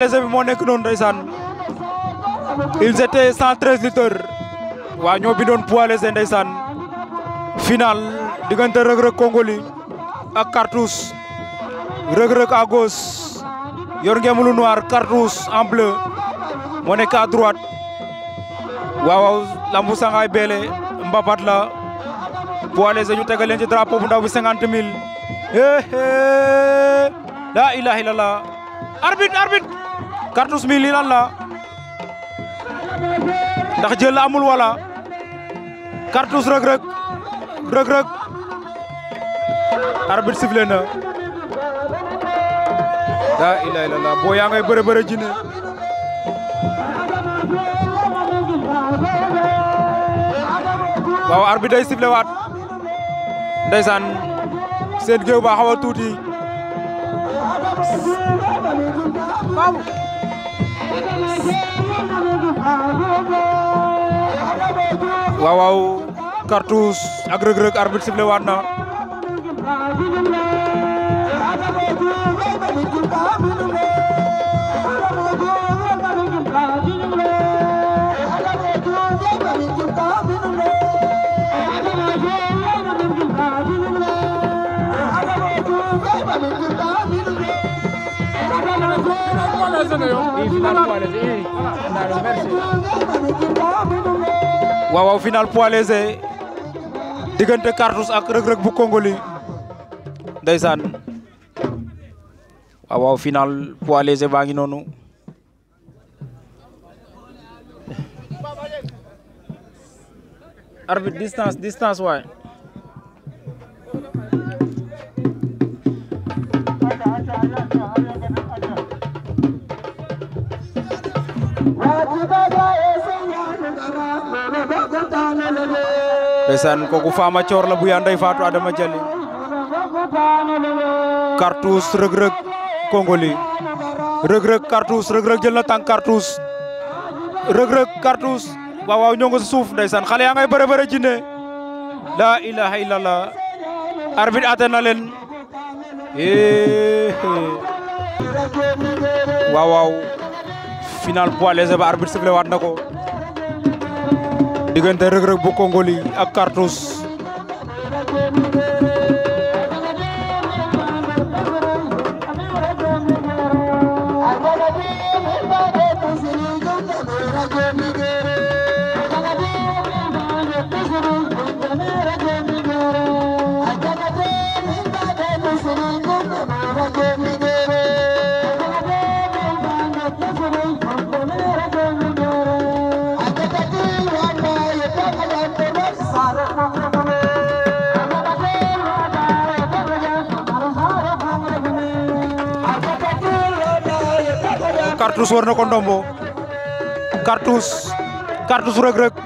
Les amis moo ils étaient 113 lutteurs final diggante Reug Reug congolais ak Cartouche Reug à gauche yor ngeen lu noir Cartouche en bleu moo nekk à droite waaw waaw lambu sangaay beele mbapat la poids léger ñu tegal leen ci drapeau la arbitre arbitre Cartouche mi lii la ndax jël la amul wala Cartouche Reug Reug Reug Reug arbitre sifflé na laa ilaaha illallaah boo yaa ngay bëre bëre jinne waaw arbitre day sifflé waat seen géew ba xaw tuuti waaw waaw Cartouche ak Reug Reug arbitre sifflé waat na waaw final poids léger diggante Cartouche ak Reug Reug bu Kongoli ndeysaan waaw final poids baa ngi noonu arbitre distance waay ndeysaan kooku Fama Coor la bu yaa ndey Faatu Adama Jali Cartouche Reug Reug Kongoli Reug Reug Cartouche Reug Reug jël na tànk Cartouche Reug Reug Cartouche waaw xale yaa ngay bëre bëre jinne la ilaha ate na leen final poids léger ba arbitre waat na ko diggante Reug Reug bu Kongoli ak Cartouche Cartouche war na ko ndombo Cartouche Cartouche Reug Reug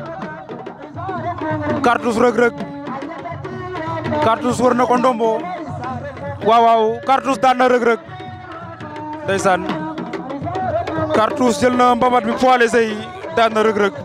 Cartouche Reug Reug Cartouche war na ko ndombo waaw waaw Cartouche daan na Reug Reug ndeysaan Cartouche jël na mbamat bi poids léger yi daan na Reug Reug